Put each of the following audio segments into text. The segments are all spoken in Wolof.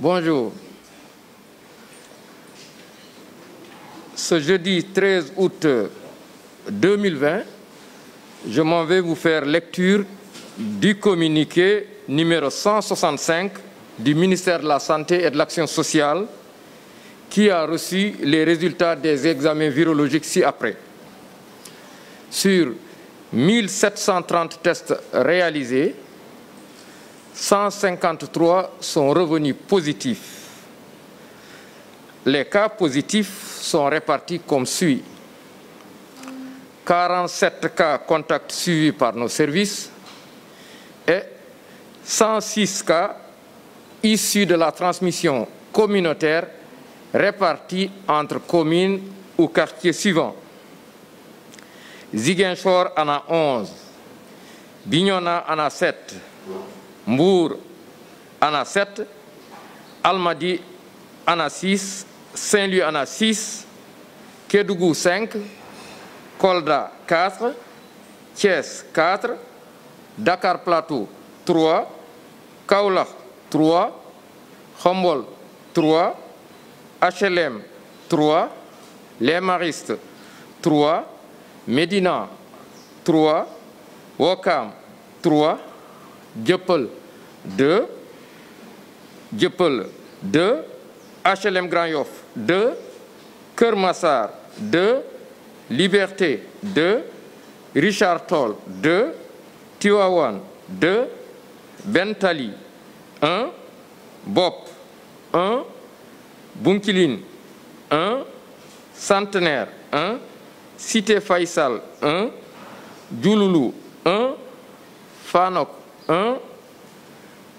Bonjour. Ce jeudi 13 août 2020, je m'en vais vous faire lecture du communiqué numéro 165 du ministère la Santé et l'Action sociale qui a les résultats des examens virologiques ci-après. Sur 1730 tests réalisés, 153 sont revenus positifs. Les cas positifs sont répartis comme suit. 47 cas par nos services et 106 cas de la transmission communautaire répartis entre communes ou quartiers suivants. Ziguinchor en a 11, Bignona en a 7, Mbour ana 7 Almadi ana 6 Saint-Louis ana 6 Kédougou 5 Kolda 4 Thiès Dakar Plateau 3 Kaolack 3 Khombol 3 HLM 3 Les Maristes 3 Médina 3 Ouakam 3 Dieuppeul 2 Dieuppeul 2 HLM Grand Yoff 2 Keur Massar 2 Liberté 2 Richard Toll 2 Tivaouane 2 Bentali Bopp 1 Bunkiling 1 Faysal 1 Diouloulou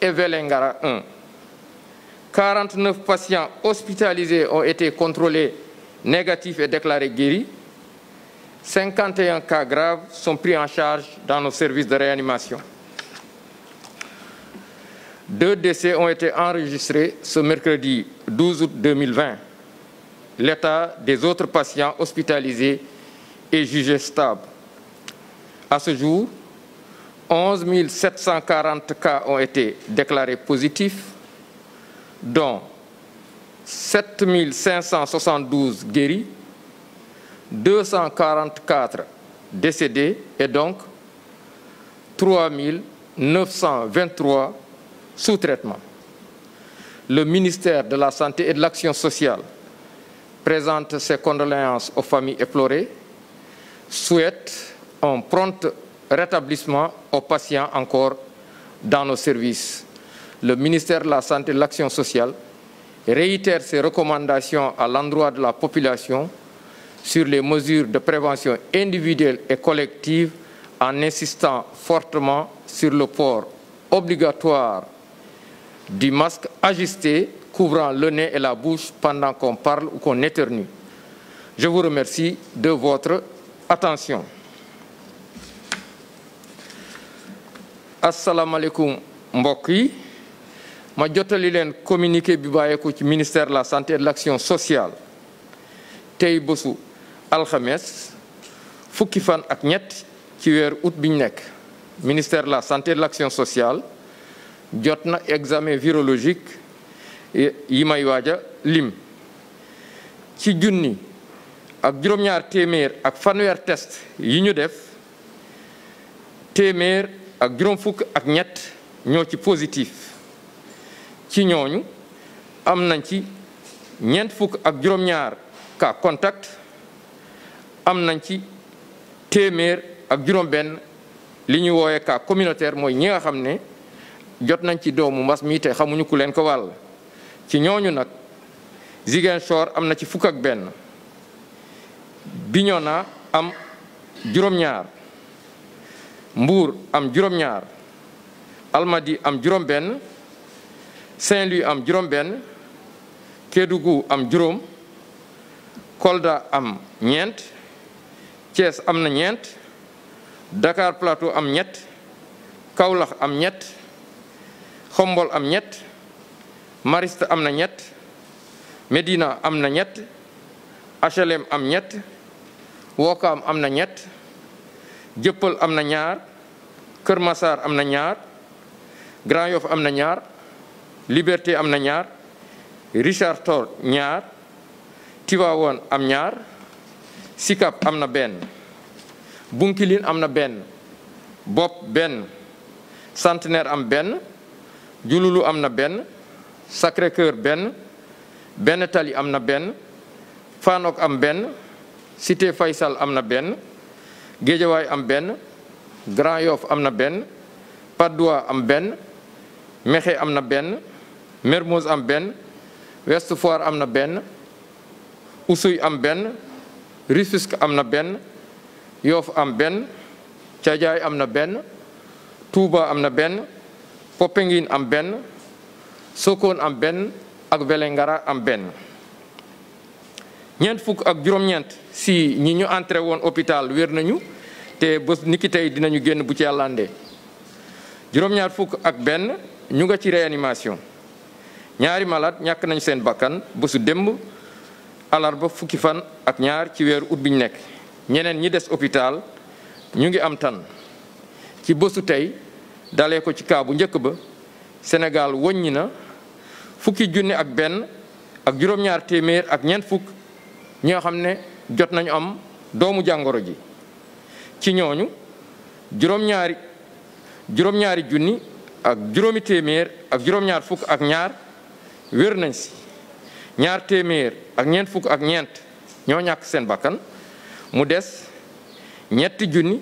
et Vélingara 1. 49 patients hospitalisés ont été contrôlés négatifs et déclarés guéris. 51 cas graves sont pris en charge dans nos services de réanimation. Deux décès ont été enregistrés ce mercredi 12 août 2020. L'état des autres patients hospitalisés est jugé À jour, 11 740 cas ont été déclarés positifs, dont 7 572 guéris, 244 décédés et donc 3 923 sous traitement. Le ministère de la Santé et sociale présente ses condoléances aux familles éplorées, souhaite un prompt rétablissement aux patients encore dans nos service Le ministère de la Santé et de l'Action sociale réitère ses recommandations à l'endroit de la population sur les mesures de prévention individuelle et collective en insistant fortement sur le port obligatoire du masque ajusté couvrant le nez et la bouche pendant qu'on parle ou qu'on éternue. Je vous remercie de votre attention. asalaamaaleykum mbokk yi ma jottali leen communiqué bi bàyyeeku ci ministère la santé et de l'action sociale tey bésu alxames fukki fan ak ñett ci weer août biñ nekk ministère la santé et de l'action sociale jot na examen virologique yi may waaja lim ci junni ak juróom-ñaar téeméer ak fanweer test yi ñu def téeméer ak juróom fukk ak ñett ñoo ci positif ci ñooñu am nañ ci ñeent fukk ak juróom-ñaar cas contact am nañ ci téeméer ak juróom-benn li ñuy wooyee cas communautaire mooy ñi nga xam ne jot nañ ci doomu mbas miite xamuñu ku leen ko wàll ci ñooñu nag Ziguinchor am na ci fukk ak benn na am juróom-ñaar. mbuur am juróom-ñaar Almadi am juróom-benn Saint-Louis am juróom-benn Kédougou am juróom Kolda am ñeent Thiès am na ñeent Dakar Plateau am ñett kawlax am ñett Xombol am ñett Mariste am na ñett medina am na ñett HLM am ñett Wokam am na ñett jëppal am na ñaar Kër Massar am na ñaar Grand Yoff am na ñaar Liberté am na ñaar Richard Toll ñaar Tivaouane am ñaar Sicap am na benn Bounkiling am na benn Bopp benn Centenaire am benn Diouloulou am na benn Sacré-Cœur benn Bénn Tally am na benn Fanok am benn Cité Faysal am na benn Géejawaay am benn Grand Yoff am na benn Patte am benn Mékhé am na benn Mermoz am benn Ouest Foire am na benn Oussouye am benn Rufisque am na benn Yoff am benn Thiadiaye am na benn Touba am na benn Popenguine am benn Sokone am benn ak Vélingara am benn ñeent fukk ak juróom-ñeent si ñi ñu entré woon hôpital wér nañu te bés nikki tey dinañu génn bu ci yàlla àndee juróom-ñaar fukk ak benn ñu nga ci réanimation ñaari malaat ñàkk nañu seen bakkan bësu démb alarba fukki fan ak ñaar ci weeru ut bi ñu nekk ñeneen ñi des hôpital ñu ngi am tan ci bësu tey dalee ko ci kaa njëkk ba senegal wëññi na fukki junne ak benn ak juróom-ñaar téeméer ak ñeent fukk ñoo xam ne jot nañu am doomu jàngoro ji ci ñooñu juróom-ñaari junni ak juróomi téeméer ak juróom-ñaar fukk ak ñaar wér nañ si ñaar téeméer ak ñeent fukk ak ñeent ñoo ñàkk seen bakkan mu des ñetti junni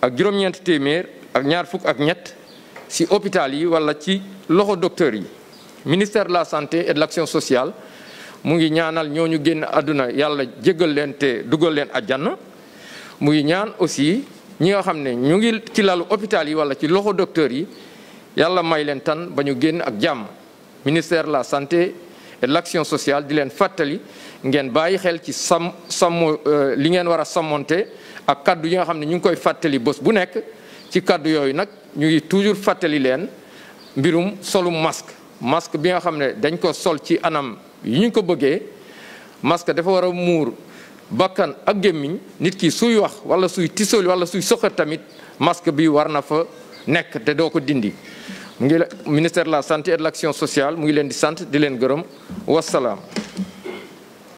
ak juróom-ñeent téeméer ak ñaar fukk ak ñett si hôpital yi walla ci loxo docteur yi ministère de la santé et de l'action sociale mu ngi ñaanal ñoo ñu génn àdduna yàlla jéggal leen te dugal leen àjjana mu ngi ñaan aussi ñi nga xam ne ñu ngi ci lalu hôpital yi wala ci loxo docteur yi yàlla may leen tan ba ñu génn ak jàmm ministère la santé l'action sociale di leen fàttali ngeen bàyyi xel ci sam sàmm euh, li ngeen war a sàmmonte ak kàddu yi nga xam ne ñu ngi koy fàttali bos bu nekk ci kàddu yooyu nag ñu ngi toujours fàttali leen mbirum solum masque masque bi nga xam ne dañ ko sol ci anam yi ñu ko bëggee masque dafa war a muur bakkan ak gémmiñ nit ki suy wax wala suy tisoli wala suy soxat tamit masque bi war na fa nekk te doo ko dindi mu ngi ministère la santé et de l'action sociale mu ngi leen di sant di leen gërëm wasalaam